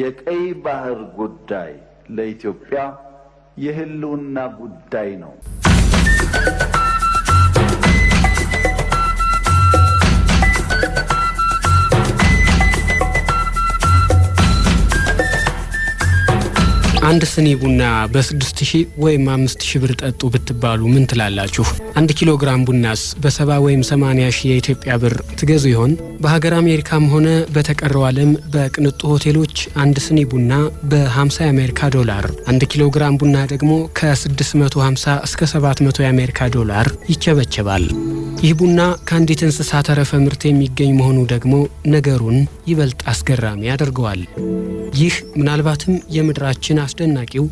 የቀይ ባህር ጉዳይ ለኢትዮጵያ የህልውና ጉዳይ ነው። አንድ ስኒ ቡና በ6000 ወይም 5000 ብር ጠጡ ብትባሉ ምን ትላላችሁ? አንድ ኪሎ ግራም ቡናስ በሰባ ወይም 80 ሺህ የኢትዮጵያ ብር ትገዙ ይሆን? በሀገር አሜሪካም ሆነ በተቀረው ዓለም በቅንጡ ሆቴሎች አንድ ስኒ ቡና በ50 የአሜሪካ ዶላር፣ አንድ ኪሎ ግራም ቡና ደግሞ ከ650 እስከ 700 የአሜሪካ ዶላር ይቸበቸባል። ይህ ቡና ከአንዲት እንስሳ ተረፈ ምርት የሚገኝ መሆኑ ደግሞ ነገሩን ይበልጥ አስገራሚ ያደርገዋል። ይህ ምናልባትም የምድራችን አስደናቂው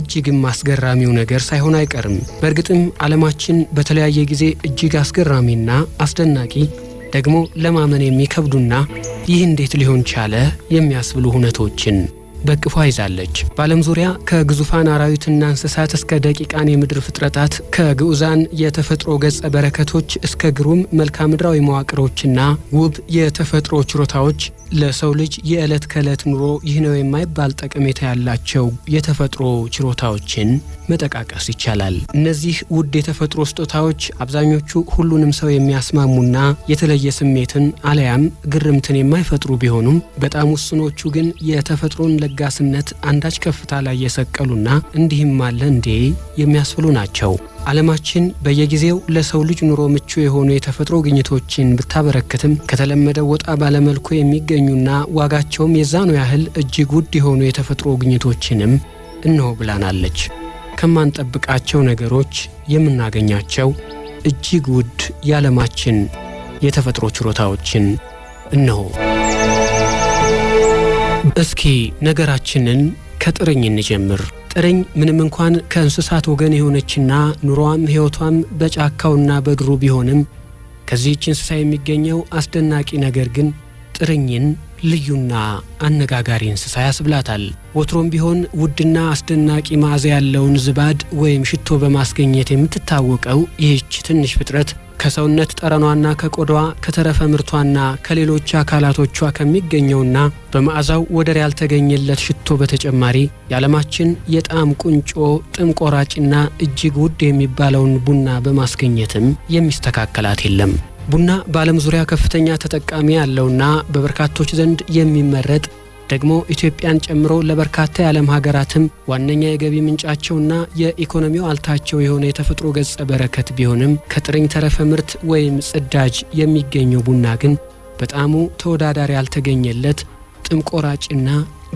እጅግም አስገራሚው ነገር ሳይሆን አይቀርም። በእርግጥም ዓለማችን በተለያየ ጊዜ እጅግ አስገራሚና አስደናቂ ደግሞ ለማመን የሚከብዱና ይህ እንዴት ሊሆን ቻለ የሚያስብሉ ሁነቶችን በቅፏ ይዛለች። በዓለም ዙሪያ ከግዙፋን አራዊትና እንስሳት እስከ ደቂቃን የምድር ፍጥረታት፣ ከግዑዛን የተፈጥሮ ገጸ በረከቶች እስከ ግሩም መልክዓ ምድራዊ መዋቅሮችና ውብ የተፈጥሮ ችሮታዎች ለሰው ልጅ የዕለት ከዕለት ኑሮ ይህ ነው የማይባል ጠቀሜታ ያላቸው የተፈጥሮ ችሮታዎችን መጠቃቀስ ይቻላል። እነዚህ ውድ የተፈጥሮ ስጦታዎች አብዛኞቹ ሁሉንም ሰው የሚያስማሙና የተለየ ስሜትን አለያም ግርምትን የማይፈጥሩ ቢሆኑም በጣም ውስኖቹ ግን የተፈጥሮን ለጋስነት አንዳች ከፍታ ላይ የሰቀሉና እንዲህም አለ እንዴ የሚያስብሉ ናቸው። ዓለማችን በየጊዜው ለሰው ልጅ ኑሮ ምቹ የሆኑ የተፈጥሮ ግኝቶችን ብታበረክትም ከተለመደው ወጣ ባለመልኩ የሚገኙና ዋጋቸውም የዛኑ ያህል እጅግ ውድ የሆኑ የተፈጥሮ ግኝቶችንም እንሆ ብላናለች። ከማንጠብቃቸው ነገሮች የምናገኛቸው እጅግ ውድ የዓለማችን የተፈጥሮ ችሮታዎችን እነሆ። እስኪ ነገራችንን ከጥርኝ እንጀምር። ጥርኝ ምንም እንኳን ከእንስሳት ወገን የሆነችና ኑሮዋም ሕይወቷም በጫካውና በድሩ ቢሆንም ከዚህች እንስሳ የሚገኘው አስደናቂ ነገር ግን ጥርኝን ልዩና አነጋጋሪ እንስሳ ያስብላታል። ወትሮም ቢሆን ውድና አስደናቂ መዓዛ ያለውን ዝባድ ወይም ሽቶ በማስገኘት የምትታወቀው ይህች ትንሽ ፍጥረት ከሰውነት ጠረኗና ከቆዳዋ ከተረፈ ምርቷና ከሌሎች አካላቶቿ ከሚገኘውና በመዓዛው ወደር ያልተገኘለት ሽቶ በተጨማሪ የዓለማችን የጣዕም ቁንጮ ጥም ቆራጭና እጅግ ውድ የሚባለውን ቡና በማስገኘትም የሚስተካከላት የለም። ቡና በዓለም ዙሪያ ከፍተኛ ተጠቃሚ ያለውና በበርካቶች ዘንድ የሚመረጥ ደግሞ ኢትዮጵያን ጨምሮ ለበርካታ የዓለም ሀገራትም ዋነኛ የገቢ ምንጫቸውና የኢኮኖሚው አልታቸው የሆነ የተፈጥሮ ገጸ በረከት ቢሆንም ከጥርኝ ተረፈ ምርት ወይም ጽዳጅ የሚገኘው ቡና ግን በጣሙ ተወዳዳሪ ያልተገኘለት ጥም ቆራጭና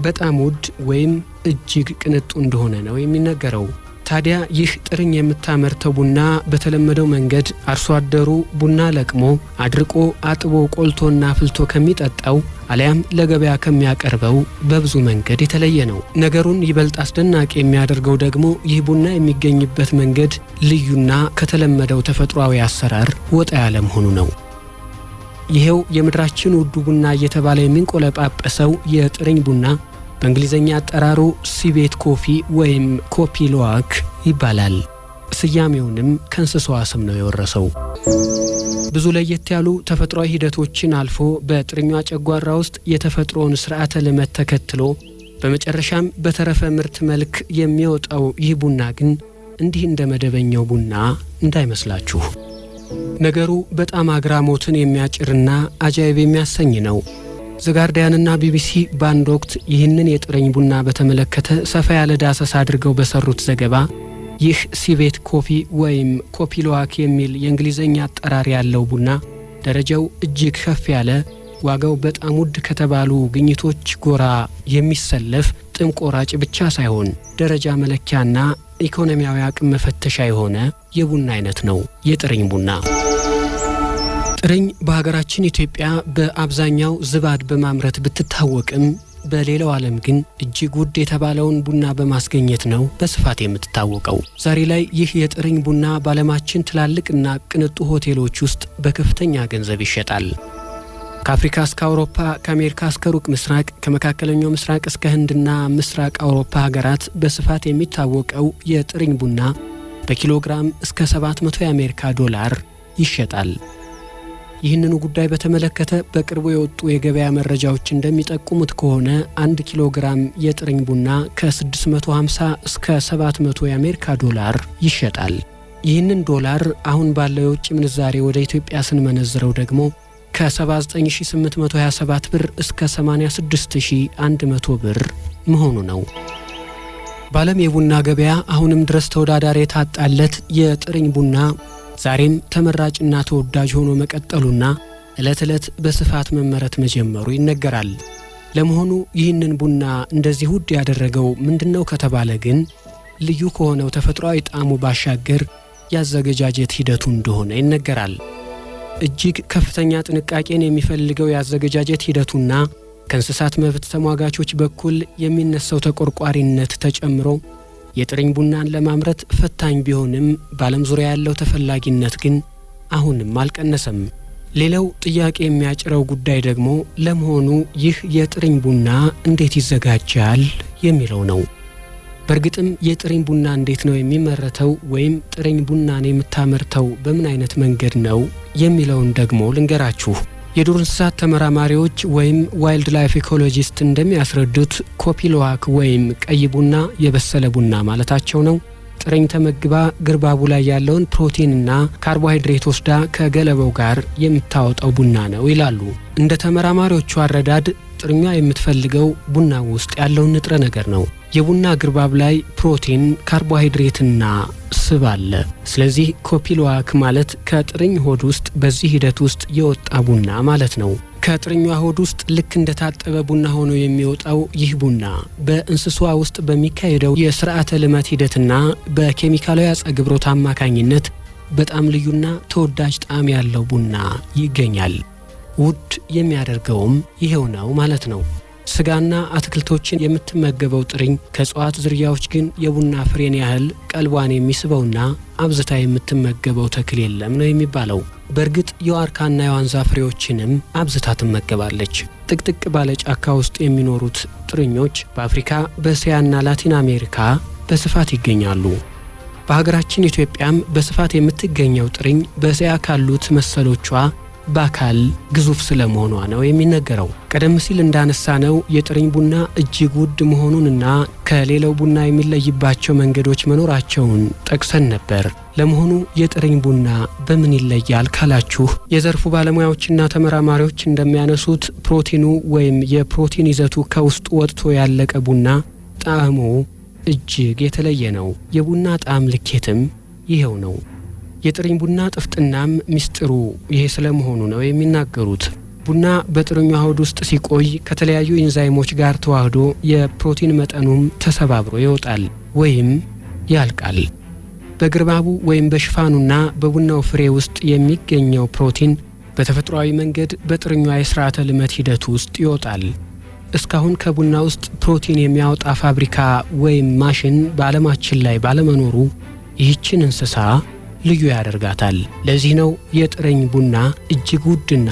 በጣም ውድ ወይም እጅግ ቅንጡ እንደሆነ ነው የሚነገረው። ታዲያ ይህ ጥርኝ የምታመርተው ቡና በተለመደው መንገድ አርሶ አደሩ ቡና ለቅሞ አድርቆ አጥቦ ቆልቶና ፍልቶ ከሚጠጣው አሊያም ለገበያ ከሚያቀርበው በብዙ መንገድ የተለየ ነው። ነገሩን ይበልጥ አስደናቂ የሚያደርገው ደግሞ ይህ ቡና የሚገኝበት መንገድ ልዩና ከተለመደው ተፈጥሯዊ አሰራር ወጣ ያለ መሆኑ ነው። ይሄው የምድራችን ውዱ ቡና እየተባለ የሚንቆለጳጰሰው የጥርኝ ቡና በእንግሊዝኛ አጠራሩ ሲቤት ኮፊ ወይም ሎዋክ ይባላል። ስያሜውንም ከእንስሳዋ ስም ነው የወረሰው። ብዙ ለየት ያሉ ተፈጥሯዊ ሂደቶችን አልፎ በጥርኟ ጨጓራ ውስጥ የተፈጥሮውን ስርዓተ ልመት ተከትሎ በመጨረሻም በተረፈ ምርት መልክ የሚወጣው ይህ ቡና ግን እንዲህ እንደ መደበኛው ቡና እንዳይመስላችሁ። ነገሩ በጣም አግራሞትን የሚያጭርና አጃይብ የሚያሰኝ ነው። ዘጋርዲያንና ቢቢሲ በአንድ ወቅት ይህንን የጥረኝ ቡና በተመለከተ ሰፋ ያለ ዳሰስ አድርገው በሰሩት ዘገባ ይህ ሲቤት ኮፊ ወይም ኮፒሎዋክ የሚል የእንግሊዝኛ አጠራር ያለው ቡና ደረጃው እጅግ ከፍ ያለ ዋጋው በጣም ውድ ከተባሉ ግኝቶች ጎራ የሚሰለፍ ጥም ቆራጭ ብቻ ሳይሆን ደረጃ መለኪያና ኢኮኖሚያዊ አቅም መፈተሻ የሆነ የቡና አይነት ነው የጥረኝ ቡና። ጥርኝ በሀገራችን ኢትዮጵያ በአብዛኛው ዝባድ በማምረት ብትታወቅም በሌላው ዓለም ግን እጅግ ውድ የተባለውን ቡና በማስገኘት ነው በስፋት የምትታወቀው። ዛሬ ላይ ይህ የጥርኝ ቡና በዓለማችን ትላልቅና ቅንጡ ሆቴሎች ውስጥ በከፍተኛ ገንዘብ ይሸጣል። ከአፍሪካ እስከ አውሮፓ፣ ከአሜሪካ እስከ ሩቅ ምስራቅ፣ ከመካከለኛው ምስራቅ እስከ ህንድና ምስራቅ አውሮፓ ሀገራት በስፋት የሚታወቀው የጥርኝ ቡና በኪሎግራም እስከ 700 የአሜሪካ ዶላር ይሸጣል። ይህንኑ ጉዳይ በተመለከተ በቅርቡ የወጡ የገበያ መረጃዎች እንደሚጠቁሙት ከሆነ አንድ ኪሎ ግራም የጥርኝ ቡና ከ650 እስከ 700 የአሜሪካ ዶላር ይሸጣል። ይህንን ዶላር አሁን ባለው የውጭ ምንዛሬ ወደ ኢትዮጵያ ስንመነዝረው ደግሞ ከ79827 ብር እስከ 86100 ብር መሆኑ ነው። በዓለም የቡና ገበያ አሁንም ድረስ ተወዳዳሪ የታጣለት የጥርኝ ቡና ዛሬም ተመራጭና ተወዳጅ ሆኖ መቀጠሉና ዕለት ዕለት በስፋት መመረት መጀመሩ ይነገራል። ለመሆኑ ይህንን ቡና እንደዚህ ውድ ያደረገው ምንድነው ከተባለ ግን ልዩ ከሆነው ተፈጥሯዊ ጣዕሙ ባሻገር ያዘገጃጀት ሂደቱ እንደሆነ ይነገራል። እጅግ ከፍተኛ ጥንቃቄን የሚፈልገው የአዘገጃጀት ሂደቱና ከእንስሳት መብት ተሟጋቾች በኩል የሚነሳው ተቆርቋሪነት ተጨምሮ የጥርኝ ቡናን ለማምረት ፈታኝ ቢሆንም በዓለም ዙሪያ ያለው ተፈላጊነት ግን አሁንም አልቀነሰም። ሌላው ጥያቄ የሚያጭረው ጉዳይ ደግሞ ለመሆኑ ይህ የጥርኝ ቡና እንዴት ይዘጋጃል የሚለው ነው። በእርግጥም የጥርኝ ቡና እንዴት ነው የሚመረተው ወይም ጥርኝ ቡናን የምታመርተው በምን አይነት መንገድ ነው የሚለውን ደግሞ ልንገራችሁ። የዱር እንስሳት ተመራማሪዎች ወይም ዋይልድ ላይፍ ኢኮሎጂስት እንደሚያስረዱት ኮፒሎዋክ ወይም ቀይ ቡና የበሰለ ቡና ማለታቸው ነው። ጥረኝ ተመግባ ግርባቡ ላይ ያለውን ፕሮቲንና ካርቦሃይድሬት ወስዳ ከገለበው ጋር የምታወጣው ቡና ነው ይላሉ። እንደ ተመራማሪዎቹ አረዳድ ጥርኛ የምትፈልገው ቡና ውስጥ ያለውን ንጥረ ነገር ነው። የቡና ግርባብ ላይ ፕሮቲን፣ ካርቦሃይድሬትና ስብ አለ። ስለዚህ ኮፒሎዋክ ማለት ከጥርኝ ሆድ ውስጥ በዚህ ሂደት ውስጥ የወጣ ቡና ማለት ነው። ከጥርኛ ሆድ ውስጥ ልክ እንደታጠበ ቡና ሆኖ የሚወጣው ይህ ቡና በእንስሷ ውስጥ በሚካሄደው የስርዓተ ልመት ሂደትና በኬሚካላዊ አፀ ግብሮት አማካኝነት በጣም ልዩና ተወዳጅ ጣዕም ያለው ቡና ይገኛል። ውድ የሚያደርገውም ይኸው ነው ማለት ነው። ስጋና አትክልቶችን የምትመገበው ጥርኝ ከእጽዋት ዝርያዎች ግን የቡና ፍሬን ያህል ቀልቧን የሚስበውና አብዝታ የምትመገበው ተክል የለም ነው የሚባለው። በእርግጥ የዋርካና የዋንዛ ፍሬዎችንም አብዝታ ትመገባለች። ጥቅጥቅ ባለ ጫካ ውስጥ የሚኖሩት ጥርኞች በአፍሪካ በእስያና ላቲን አሜሪካ በስፋት ይገኛሉ። በሀገራችን ኢትዮጵያም በስፋት የምትገኘው ጥርኝ በእስያ ካሉት መሰሎቿ በአካል ግዙፍ ስለመሆኗ ነው የሚነገረው። ቀደም ሲል እንዳነሳነው የጥርኝ ቡና እጅግ ውድ መሆኑንና ከሌላው ቡና የሚለይባቸው መንገዶች መኖራቸውን ጠቅሰን ነበር። ለመሆኑ የጥርኝ ቡና በምን ይለያል ካላችሁ የዘርፉ ባለሙያዎችና ተመራማሪዎች እንደሚያነሱት ፕሮቲኑ ወይም የፕሮቲን ይዘቱ ከውስጡ ወጥቶ ያለቀ ቡና ጣዕሙ እጅግ የተለየ ነው። የቡና ጣዕም ልኬትም ይኸው ነው። የጥሪኝ ቡና ጥፍጥናም ሚስጥሩ ይሄ ስለመሆኑ ነው የሚናገሩት። ቡና በጥርኙ አውድ ውስጥ ሲቆይ ከተለያዩ ኢንዛይሞች ጋር ተዋህዶ የፕሮቲን መጠኑም ተሰባብሮ ይወጣል ወይም ያልቃል። በግርባቡ ወይም በሽፋኑና በቡናው ፍሬ ውስጥ የሚገኘው ፕሮቲን በተፈጥሯዊ መንገድ በጥርኟ የሥርዓተ ልመት ሂደት ውስጥ ይወጣል። እስካሁን ከቡና ውስጥ ፕሮቲን የሚያወጣ ፋብሪካ ወይም ማሽን በዓለማችን ላይ ባለመኖሩ ይህችን እንስሳ ልዩ ያደርጋታል። ለዚህ ነው የጥረኝ ቡና እጅግ ውድና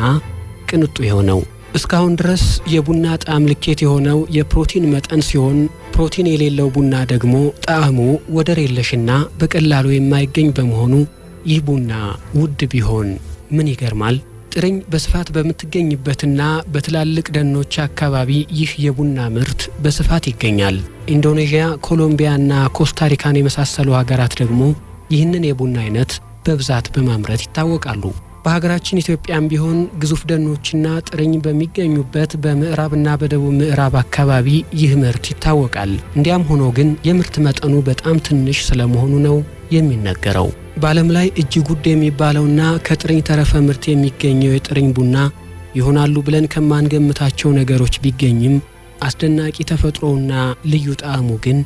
ቅንጡ የሆነው። እስካሁን ድረስ የቡና ጣዕም ልኬት የሆነው የፕሮቲን መጠን ሲሆን ፕሮቲን የሌለው ቡና ደግሞ ጣዕሙ ወደር የለሽና በቀላሉ የማይገኝ በመሆኑ ይህ ቡና ውድ ቢሆን ምን ይገርማል? ጥርኝ በስፋት በምትገኝበትና በትላልቅ ደኖች አካባቢ ይህ የቡና ምርት በስፋት ይገኛል። ኢንዶኔዥያ፣ ኮሎምቢያና ኮስታሪካን የመሳሰሉ ሀገራት ደግሞ ይህንን የቡና አይነት በብዛት በማምረት ይታወቃሉ። በሀገራችን ኢትዮጵያም ቢሆን ግዙፍ ደኖችና ጥርኝ በሚገኙበት በምዕራብና በደቡብ ምዕራብ አካባቢ ይህ ምርት ይታወቃል። እንዲያም ሆኖ ግን የምርት መጠኑ በጣም ትንሽ ስለመሆኑ ነው የሚነገረው። በዓለም ላይ እጅግ ውድ የሚባለውና ከጥርኝ ተረፈ ምርት የሚገኘው የጥርኝ ቡና ይሆናሉ ብለን ከማንገምታቸው ነገሮች ቢገኝም አስደናቂ ተፈጥሮውና ልዩ ጣዕሙ ግን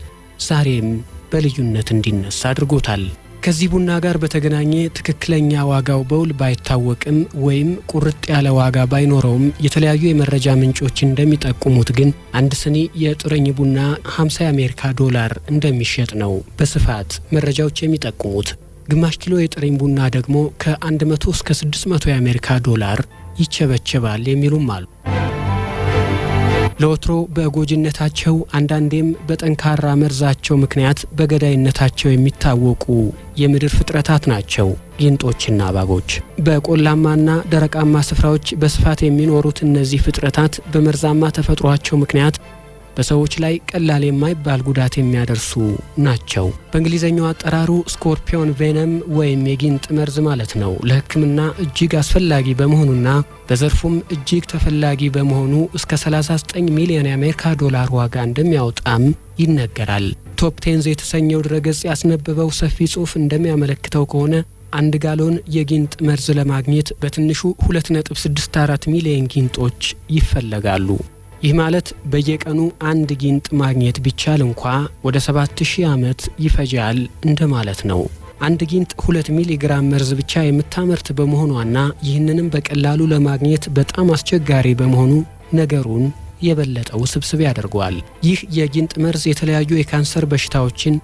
ዛሬም በልዩነት እንዲነሳ አድርጎታል። ከዚህ ቡና ጋር በተገናኘ ትክክለኛ ዋጋው በውል ባይታወቅም ወይም ቁርጥ ያለ ዋጋ ባይኖረውም የተለያዩ የመረጃ ምንጮች እንደሚጠቁሙት ግን አንድ ስኒ የጥረኝ ቡና 50 የአሜሪካ ዶላር እንደሚሸጥ ነው በስፋት መረጃዎች የሚጠቁሙት። ግማሽ ኪሎ የጥረኝ ቡና ደግሞ ከ100 እስከ 600 የአሜሪካ ዶላር ይቸበቸባል የሚሉም አሉ። ለወትሮ በጎጅነታቸው አንዳንዴም በጠንካራ መርዛቸው ምክንያት በገዳይነታቸው የሚታወቁ የምድር ፍጥረታት ናቸው ጊንጦችና እባቦች። በቆላማና ደረቃማ ስፍራዎች በስፋት የሚኖሩት እነዚህ ፍጥረታት በመርዛማ ተፈጥሯቸው ምክንያት በሰዎች ላይ ቀላል የማይባል ጉዳት የሚያደርሱ ናቸው። በእንግሊዝኛው አጠራሩ ስኮርፒዮን ቬነም ወይም የጊንጥ መርዝ ማለት ነው። ለሕክምና እጅግ አስፈላጊ በመሆኑና በዘርፉም እጅግ ተፈላጊ በመሆኑ እስከ 39 ሚሊዮን የአሜሪካ ዶላር ዋጋ እንደሚያወጣም ይነገራል። ቶፕ ቴንዝ የተሰኘው ድረገጽ ያስነበበው ሰፊ ጽሑፍ እንደሚያመለክተው ከሆነ አንድ ጋሎን የጊንጥ መርዝ ለማግኘት በትንሹ 2.64 ሚሊዮን ጊንጦች ይፈለጋሉ። ይህ ማለት በየቀኑ አንድ ጊንጥ ማግኘት ቢቻል እንኳ ወደ 7000 ዓመት ይፈጃል እንደማለት ነው። አንድ ጊንጥ 2 ሚሊግራም መርዝ ብቻ የምታመርት በመሆኗና ይህንንም በቀላሉ ለማግኘት በጣም አስቸጋሪ በመሆኑ ነገሩን የበለጠ ውስብስብ ያደርገዋል። ይህ የጊንጥ መርዝ የተለያዩ የካንሰር በሽታዎችን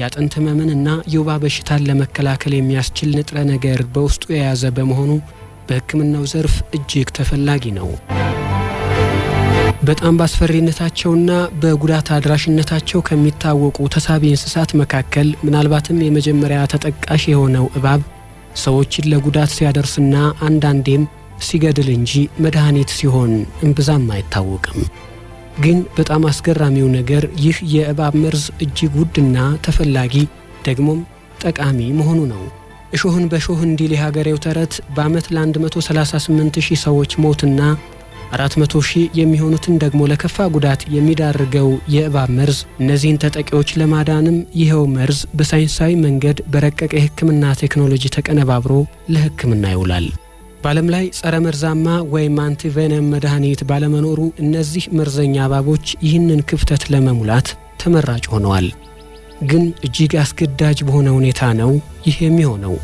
የአጥንት እና የወባ በሽታን ለመከላከል የሚያስችል ንጥረ ነገር በውስጡ የያዘ በመሆኑ በሕክምናው ዘርፍ እጅግ ተፈላጊ ነው። በጣም በአስፈሪነታቸውና በጉዳት አድራሽነታቸው ከሚታወቁ ተሳቢ እንስሳት መካከል ምናልባትም የመጀመሪያ ተጠቃሽ የሆነው እባብ ሰዎችን ለጉዳት ሲያደርስና አንዳንዴም ሲገድል እንጂ መድኃኒት ሲሆን እምብዛም አይታወቅም። ግን በጣም አስገራሚው ነገር ይህ የእባብ መርዝ እጅግ ውድና ተፈላጊ ደግሞም ጠቃሚ መሆኑ ነው። እሾህን በሾህ እንዲል የሀገሬው ተረት በዓመት ለ138 ሺህ ሰዎች ሞትና 400 ሺህ የሚሆኑትን ደግሞ ለከፋ ጉዳት የሚዳርገው የእባብ መርዝ። እነዚህን ተጠቂዎች ለማዳንም ይኸው መርዝ በሳይንሳዊ መንገድ በረቀቀ የሕክምና ቴክኖሎጂ ተቀነባብሮ ለሕክምና ይውላል። በዓለም ላይ ጸረ መርዛማ ወይም አንቲቬነም መድኃኒት ባለመኖሩ እነዚህ መርዘኛ እባቦች ይህንን ክፍተት ለመሙላት ተመራጭ ሆነዋል። ግን እጅግ አስገዳጅ በሆነ ሁኔታ ነው ይህ የሚሆነው።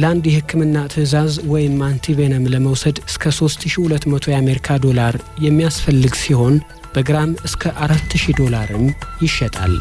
ለአንድ የህክምና ትዕዛዝ ወይም አንቲቬነም ለመውሰድ እስከ 3200 የአሜሪካ ዶላር የሚያስፈልግ ሲሆን በግራም እስከ 4000 ዶላርም ይሸጣል።